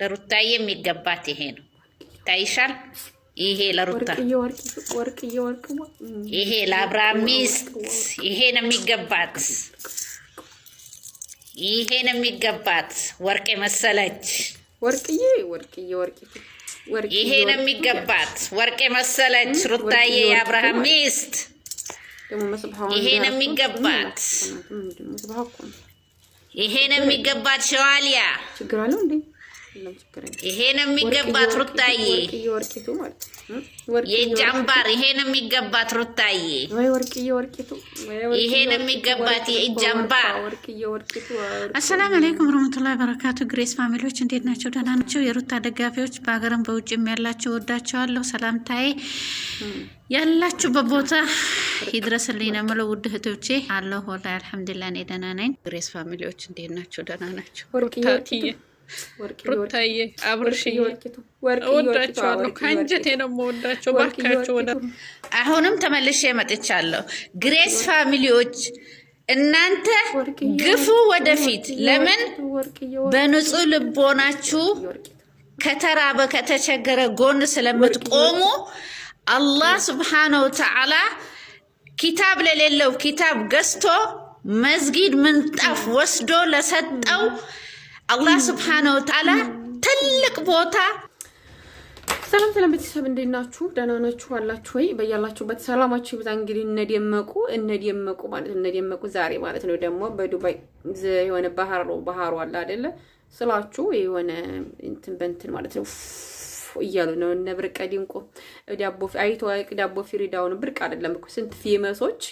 ለሩታዬ የሚገባት ይሄ ነው። ታይሻል። ይሄ ለሩታ ይሄ ለአብርሃም ሚስት ይሄ ነው የሚገባት፣ ይሄ ነው የሚገባት። ወርቅ መሰለች ወርቅዬ፣ ወርቅዬ፣ ወርቅ ይሄ ነው የሚገባት። ወርቅ መሰለች ሩታዬ፣ የአብርሃም ሚስት ይሄ ነው የሚገባት። ይሄ ነው የሚገባት። ሸዋሊያ ችግር አለው እንዴ? ይሄ ነው የሚገባት ሩታዬ፣ የእጅ አምባር። ይሄ ነው የሚገባት ሩታዬ፣ ይሄ ነው የሚገባት የእጅ አምባር። አሰላሙ አለይኩም ወረህመቱላሂ በረካቱ። ግሬስ ፋሚሊዎች እንዴት ናቸው? ደህና ናቸው? የሩታ ደጋፊዎች በሀገርም በውጭም ያላቸው ወዳቸዋለሁ። ሰላምታዬ ያላችሁበት ቦታ ይድረስልኝ ነው የምለው። ውድ እህቶቼ አለሁ ወላሂ፣ አልሐምዱሊላህ እኔ ደህና ነኝ። ግሬስ ፋሚሊዎች እንዴት ናቸው? ደህና ናቸው? ሩታዬ አብርሽዬ እወዳቸዋለሁ፣ ከአንጀቴ ነው የምወዳቸው። ባካቸው ወደ አሁንም ተመልሼ መጥቻለሁ። ግሬስ ፋሚሊዎች እናንተ ግፉ ወደፊት። ለምን በንጹህ ልቦናችሁ ከተራበ ከተቸገረ ጎን ስለምትቆሙ አላህ ስብሓነ ወተዓላ ኪታብ ለሌለው ኪታብ ገዝቶ መስጊድ ምንጣፍ ወስዶ ለሰጠው አላህ ስብሓነሁ ወተዓላ ትልቅ ቦታ ሰላም ሰላም ቤተሰብ እንዴት ናችሁ? ደህና ናችሁ አላችሁ ወይ? በያላችሁበት ሰላማችሁ ይብዛ። እንግዲህ እነደመቁ እነደመቁ ማለት እነደመቁ ዛሬ ማለት ነው ደግሞ በዱባይ የሆነ ባህሩ ባህሩ አለ አይደለ ስላችሁ የሆነ እንትን በእንትን ማለት ነው እያሉ ነው እነ ብርቀ ዲንቆ ዳቦ አይቶ ዳቦ ፊሪዳውን ብርቅ አይደለም እኮ ስንት ፌመሶች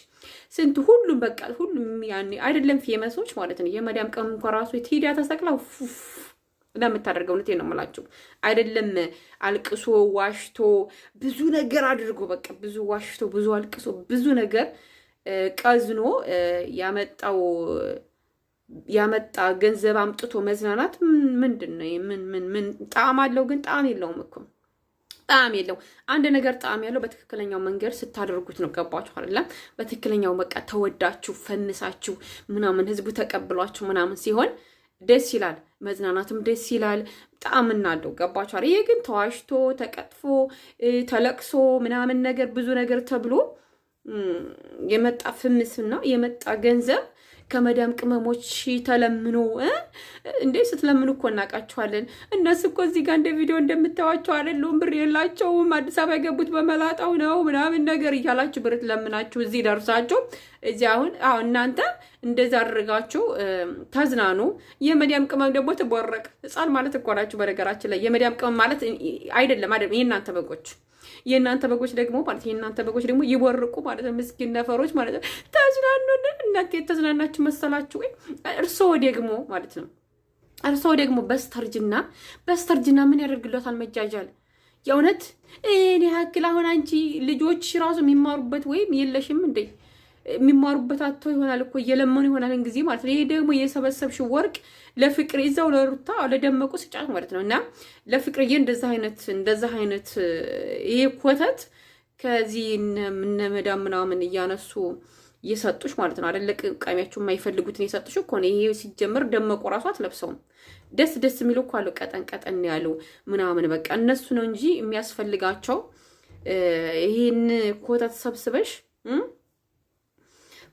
ስንት ሁሉም በቃ ሁሉም ያኔ አይደለም ፌመሶች ማለት ነው። የመዳም ቀን እንኳ ራሱ ሄዳ ተሰቅላ ለምታደርገው እውነቴን ነው የምላችሁ። አይደለም አልቅሶ ዋሽቶ ብዙ ነገር አድርጎ በቃ ብዙ ዋሽቶ ብዙ አልቅሶ ብዙ ነገር ቀዝኖ ያመጣው ያመጣ ገንዘብ አምጥቶ መዝናናት ምንድን ነው? ምን ምን ምን ጣዕም አለው? ግን ጣዕም የለውም እኮ ጣዕም የለው። አንድ ነገር ጣዕም ያለው በትክክለኛው መንገድ ስታደርጉት ነው። ገባችሁ አይደለም? በትክክለኛው በቃ ተወዳችሁ ፈንሳችሁ ምናምን ህዝቡ ተቀብሏችሁ ምናምን ሲሆን ደስ ይላል። መዝናናትም ደስ ይላል። ጣዕም እናለው። ገባችሁ አይደል? ይሄ ግን ተዋሽቶ ተቀጥፎ ተለቅሶ ምናምን ነገር ብዙ ነገር ተብሎ የመጣ ፍምስና የመጣ ገንዘብ ከመዳም ቅመሞች ተለምኖ እንዴ ስትለምኑ እኮ እናውቃቸዋለን። እነሱ እኮ እዚህ ጋር እንደ ቪዲዮ እንደምታዋቸው አይደሉም። ብር የላቸውም፣ አዲስ አበባ የገቡት በመላጣው ነው ምናምን ነገር እያላችሁ ብር ትለምናችሁ እዚህ ደርሳችሁ እዚህ አሁን አሁን እናንተ እንደዛ አድርጋችሁ ተዝናኑ። የመዲያም ቅመም ደግሞ ትቦረቅ። ህፃን ማለት እኮ ናችሁ። በነገራችን ላይ የመዲያም ቅመም ማለት አይደለም አይደለም የእናንተ በጎች የእናንተ በጎች ደግሞ ማለት የእናንተ በጎች ደግሞ ይቦርቁ ማለት ነው። ምስኪን ነፈሮች ማለት ነው። ተዝናኑ። እናንተ የተዝናናችሁ መሰላችሁ ወይ? እርስዎ ደግሞ ማለት ነው እርስዎ ደግሞ በስተርጅና በስተርጅና ምን ያደርግሎታል መጃጃል የእውነት እኔ ያክል አሁን አንቺ ልጆች ራሱ የሚማሩበት ወይም የለሽም እንዴ? የሚማሩበት አቶ ይሆናል እኮ እየለመኑ ይሆናል ጊዜ ማለት ነው። ይሄ ደግሞ የሰበሰብሽ ወርቅ ለፍቅር ይዘው ለሩታ ለደመቁ ስጫት ማለት ነው። እና ለፍቅርዬ እንደዛ አይነት እንደዛ አይነት ይሄ ኮተት ከዚህ ምነመዳ ምናምን እያነሱ እየሰጡሽ ማለት ነው አደለ? ቀሚያችሁ የማይፈልጉትን የሰጡሽ እኮ ነው። ይሄ ሲጀምር ደመቁ ራሱ አትለብሰውም። ደስ ደስ የሚሉ እኮ አለው ቀጠን ቀጠን ያሉ ምናምን በቃ እነሱ ነው እንጂ የሚያስፈልጋቸው ይህን ኮተት ሰብስበሽ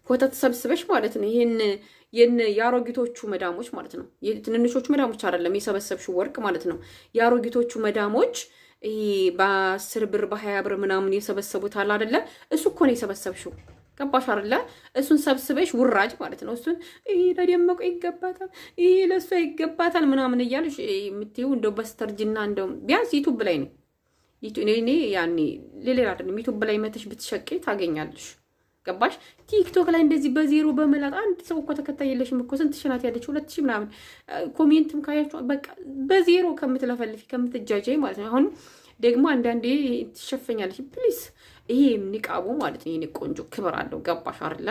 ኮተት ሰብስበሽ ማለት ነው። ይህን የአሮጊቶቹ መዳሞች ማለት ነው። ትንንሾቹ መዳሞች አይደለም የሰበሰብሽው ወርቅ ማለት ነው። የአሮጊቶቹ መዳሞች በአስር ብር በሀያ ብር ምናምን የሰበሰቡት አለ አደለ? እሱ እኮ ነው የሰበሰብሽው። ገባሽ አይደለ? እሱን ሰብስበሽ ውራጅ ማለት ነው። እሱን ይሄ ለደመቁ ይገባታል፣ ይሄ ለእሷ ይገባታል ምናምን እያለሽ የምትይው እንደው በስተርጅና እንደው ቢያንስ ዩቱብ ላይ ነው። እኔ ያኔ ሌላ አይደለም ዩቱብ ላይ መተሽ ብትሸቄ ታገኛለሽ። ገባሽ? ቲክቶክ ላይ እንደዚህ በዜሮ በመላት አንድ ሰው እኮ ተከታይ የለሽም እኮ ስንት ሺ ያለች? ሁለት ሺ ምናምን ኮሜንትም ካያቸው በቃ በዜሮ ከምትለፈልፊ ከምትጃጃይ ማለት ነው። አሁን ደግሞ አንዳንዴ ትሸፈኛለች። ፕሊስ ይሄ ንቃቡ ማለት ነው። ይሄ ቆንጆ ክብር አለው ገባሽ አይደለ?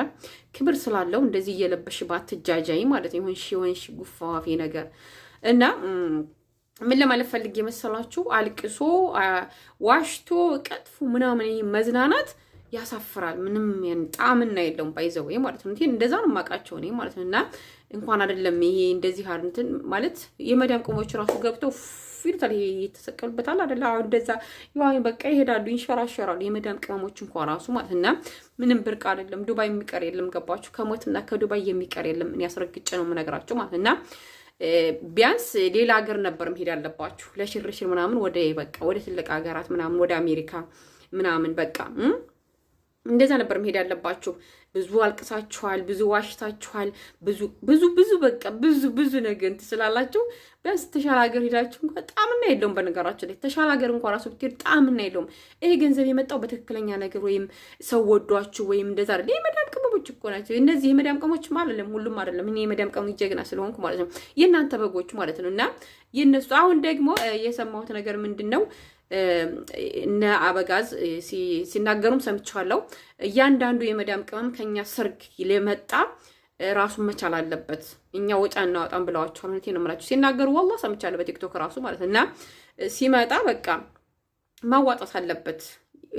ክብር ስላለው እንደዚህ እየለበሽ ባትጃጃይ ማለት ነው። ሆንሽ ሆንሽ ጉፋፌ ነገር እና ምን ለማለት ፈልግ የመሰላችሁ አልቅሶ ዋሽቶ ቀጥፎ ምናምን መዝናናት ያሳፍራል። ምንም ጣዕምና የለውም። ባይዘው ማለት ነው። እንደዛ ነው የማውቃቸው እኔ ማለት ነው። እና እንኳን አይደለም ይሄ እንደዚህ እንትን ማለት የመዳም ቅሞች ራሱ ገብተው ይሉታል። ይሄ የተሰቀሉበታል አይደለ? አሁን እንደዛ ይዋኝ በቃ ይሄዳሉ፣ ይንሸራሸራሉ። የመዳም ቅመሞች እንኳን ራሱ ማለት እና ምንም ብርቅ አይደለም። ዱባይ የሚቀር የለም። ገባችሁ? ከሞትና ከዱባይ የሚቀር የለም። እኔ አስረግጬ ነው የምነግራቸው ማለት እና ቢያንስ ሌላ ሀገር ነበር መሄድ ያለባችሁ ለሽርሽር ምናምን፣ ወደ በቃ ወደ ትልቅ ሀገራት ምናምን፣ ወደ አሜሪካ ምናምን በቃ እንደዛ ነበር መሄድ ያለባችሁ። ብዙ አልቅሳችኋል፣ ብዙ ዋሽታችኋል፣ ብዙ ብዙ ብዙ በቃ ብዙ ብዙ ነገር እንትን ስላላችሁ ቢያንስ ተሻለ ሀገር ሄዳችሁ እንኳ ጣዕምና የለውም። በነገራችን ላይ ተሻለ ሀገር እንኳ ራሱ ብትሄድ ጣዕምና የለውም። ይሄ ገንዘብ የመጣው በትክክለኛ ነገር ወይም ሰው ወዷችሁ ወይም እንደዛ አይደል። የመዳም ቅመሞች እኮ ናቸው እነዚህ። የመዳም ቅመሞችም አይደለም ሁሉም አይደለም። እኔ የመዳም ቅመም ጀግና ስለሆንኩ ማለት ነው የእናንተ በጎች ማለት ነው። እና የእነሱ አሁን ደግሞ የሰማሁት ነገር ምንድን ነው እነ አበጋዝ ሲናገሩም ሰምቻለሁ። እያንዳንዱ የመዳም ቅመም ከኛ ሰርግ ለመጣ ራሱን መቻል አለበት። እኛ ወጪ አናወጣም ብለዋቸዋል። እውነቴን ነው የምላቸው ሲናገሩ ወላ ሰምቻለሁ፣ በቲክቶክ ራሱ ማለት እና ሲመጣ በቃ ማዋጣት አለበት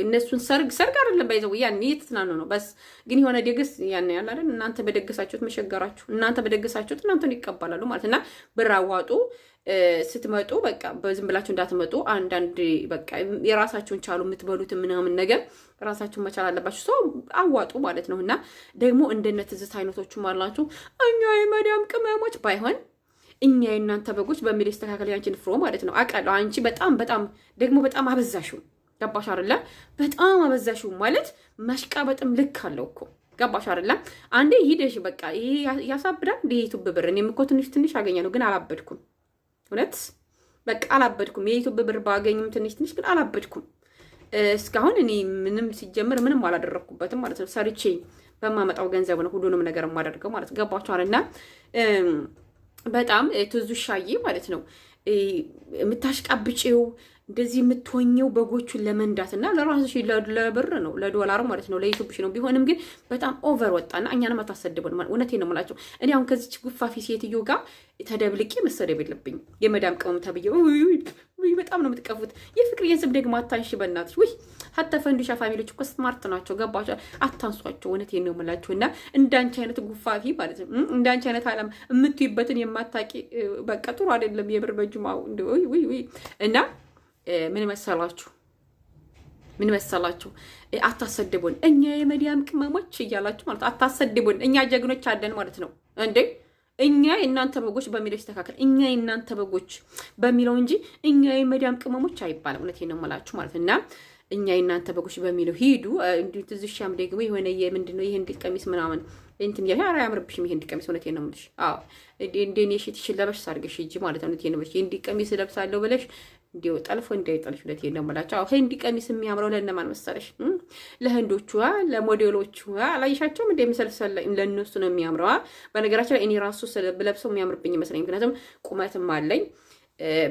እነሱን ሰርግ ሰርግ አይደለም ባይዘው ያን እየተዝናኑ ነው። በስ ግን የሆነ ደግስ ያን ያለ አይደል እናንተ በደግሳችሁት መሸገራችሁ እናንተ በደግሳችሁት እናንተን ይቀበላሉ ማለት እና ብር አዋጡ ስትመጡ በቃ በዝም ብላችሁ እንዳትመጡ። አንዳንድ በቃ የራሳችሁን ቻሉ የምትበሉት ምናምን ነገር ራሳችሁን መቻል አለባችሁ። ሰው አዋጡ ማለት ነው እና ደግሞ እንደነ ትዝት አይነቶችም አላችሁ። እኛ የመዳም ቅመሞች ባይሆን እኛ የእናንተ በጎች በሚል ይስተካከል። ያንቺን ፍሮ ማለት ነው አውቃለሁ። አንቺ በጣም በጣም ደግሞ በጣም አበዛሽው። ገባሽ አይደለ? በጣም አበዛሽው ማለት መሽቃበጥም ልክ አለው እኮ ገባሽ አይደለ? አንዴ ሂደሽ በቃ ይሄ ያሳብዳል። እንደ ዩቱብ ብር እኔም እኮ ትንሽ ትንሽ አገኛለሁ፣ ግን አላበድኩም። እውነት በቃ አላበድኩም። የዩቱብ ብር ባገኝም ትንሽ ትንሽ ግን አላበድኩም። እስካሁን እኔ ምንም ሲጀምር ምንም አላደረግኩበትም ማለት ነው። ሰርቼ በማመጣው ገንዘብ ነው ሁሉንም ነገር የማደርገው ማለት ገባችኋል። እና በጣም ትዙ ሻዬ ማለት ነው የምታሽቃብጪው እንደዚህ የምትወኘው በጎቹን ለመንዳት እና ለራስሽ ለብር ነው ለዶላር ማለት ነው ለዩቱብሽ ነው። ቢሆንም ግን በጣም ኦቨር ወጣ ወጣና እኛንም አታሰድበን። እውነቴ ነው የምላቸው እኔ አሁን ከዚች ጉፋፊ ሴትዮ ጋር ተደብልቄ መሰደብ የለብኝ። የመዳም ቅመም ተብዬ በጣም ነው የምትቀፉት። የፍቅር የዝብ ደግሞ አታንሽ በእናትሽ ወይ ሀታ ፈንዱሻ ፋሚሊዎች እኮ ስማርት ናቸው። ገባቸው አታንሷቸው። እውነቴ ነው የምላቸው እና እንዳንቺ አይነት ጉፋፊ ማለት ነው እንዳንቺ አይነት አላም የምትይበትን የማታቂ በቃ ጥሩ አይደለም። የብር በጅማው እና ምን መሰላችሁ ምን መሰላችሁ አታሰድቡን፣ እኛ የመዲያም ቅመሞች እያላችሁ ማለት አታሰድቡን፣ እኛ ጀግኖች አለን ማለት ነው እንዴ እኛ የእናንተ በጎች በሚለው ይስተካከል። እኛ የእናንተ በጎች በሚለው እንጂ እኛ የመዲያም ቅመሞች አይባልም። እውነቴን ነው የምላችሁ ማለት እና እኛ የእናንተ በጎች በሚለው ሂዱ። እንዲሁ ትዝ ደግሞ የሆነ የምንድን ነው ይህን ቀሚስ ምናምን እንትን እያልሽ ኧረ አያምርብሽም ይህን ቀሚስ። እውነቴን ነው የምልሽ። አዎ እንደኔ ሽትሽን ለበሽ ሳርገሽ ሂጂ ማለት ነው። እውነቴን ነው የምልሽ። ይህን ቀሚስ ለብሳለሁ ብለሽ እንዲው ጠልፎ እንዳይጠልፍ ሁለት ይሄን ደሞላቸው። አዎ ህንድ ቀሚስ የሚያምረው ለእነማን መሰለሽ? ለህንዶቹ ለሞዴሎቹ አላየሻቸውም? እንደምሰልሰል ለእነሱ ነው የሚያምረዋ። በነገራችን ላይ እኔ ራሱ ብለብሰው የሚያምርብኝ ይመስለኝ፣ ምክንያቱም ቁመትም አለኝ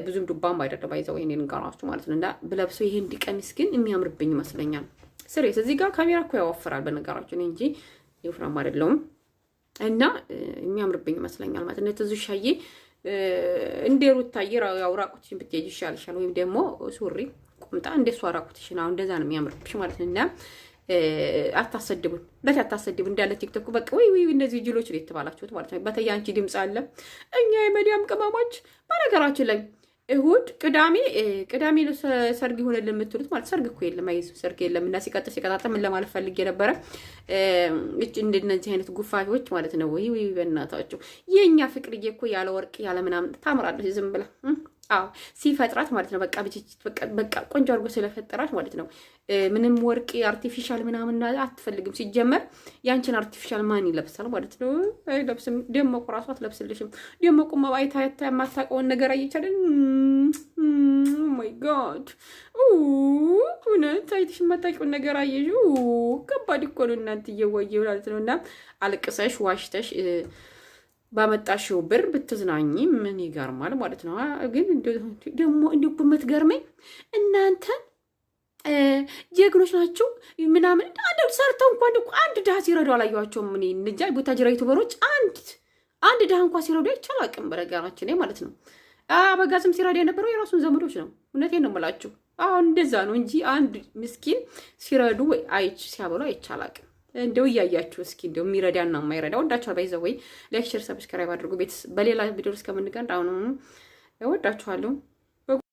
ብዙም ዱባም አይደለም። አይዘው ይሄን እንጋራችሁ ማለት ነው እና ብለብሰው የህንድ ቀሚስ ግን የሚያምርብኝ ይመስለኛል። ስሬት እዚህ ጋር ካሜራ እኮ ያወፍራል በነገራችሁ እንጂ የወፍራም አይደለሁም እና የሚያምርብኝ ይመስለኛል ማለት ነው። ተዙሻዬ እንደ ሩታ ያው ራቁትሽን ብትሄጂ ይሻልሻል፣ ወይም ደግሞ ሱሪ ቁምጣ እንደሱ ራቁትሽን። አሁን እንደዛ ነው የሚያምርብሽ ማለት ነው። እና አታሰድቡን፣ በት አታሰድቡን እንዳለ ቲክቶክ በቃ ወይ ወይ እነዚህ ጅሎች ነው የተባላችሁት ማለት ነው። በተለይ አንቺ ድምፅ አለ እኛ የመዲያም ቅመሞች በነገራችን ላይ እሁድ ቅዳሜ ቅዳሜ ነው ሰርግ ይሆንልን የምትሉት ማለት ሰርግ እኮ የለም። አይ ሰርግ የለም። እና ሲቀጥል ሲቀጣጠል ምን ለማለት ፈልጌ ነበረ? እቺ እንደነዚህ አይነት ጉፋፊዎች ማለት ነው። ወይ ወይ በእናታቸው የኛ ፍቅርዬ እኮ ያለ ወርቅ ያለ ምናምን ታምራለች ዝም ብላ አዎ ሲፈጥራት ማለት ነው። በቃ ብችት በቃ ቆንጆ አድርጎ ስለፈጠራት ማለት ነው። ምንም ወርቅ አርቲፊሻል ምናምን አትፈልግም። ሲጀመር ያንቺን አርቲፊሻል ማን ይለብሳል ማለት ነው። አይለብስም። ደመቁ ራሷ አትለብስልሽም። ደመቁ ማባይታ የማታውቀውን ነገር አየቻለን። ማይ ጋድ እውነት አይተሽ የማታውቂውን ነገር አየሽ። ከባድ እኮ ነው እናንተ እየወየ ማለት ነው። እና አልቅሰሽ ዋሽተሽ ባመጣሽው ብር ብትዝናኝ ምን ይገርማል ማለት ነው። ግን ደግሞ እንዲሁ በምትገርመኝ እናንተ ጀግኖች ናችሁ ምናምን አንድ ሰርተው እንኳን አንድ ድሃ ሲረዱ አላየኋቸውም። እኔ እንጃ ጅራ ዩቱበሮች አንድ አንድ ድሃ እንኳ ሲረዱ አይቻል አቅም በረጋናችን ማለት ነው። አበጋዝም ሲረዳ የነበረው የራሱን ዘመዶች ነው። እውነቴን ነው የምላችሁ። አሁን እንደዛ ነው እንጂ አንድ ምስኪን ሲረዱ ወይ አይች ሲያበሉ አይቻል አቅም እንደው እያያችሁ እስኪ እንደው የሚረዳ ና የማይረዳ ወዳችኋል። ባይዘው ወይ ላይክ፣ ሼር፣ ሰብስክራይብ አድርጉ። ቤት በሌላ ቪዲዮ እስከምንገናኝ አሁኑ ወዳችኋለሁ።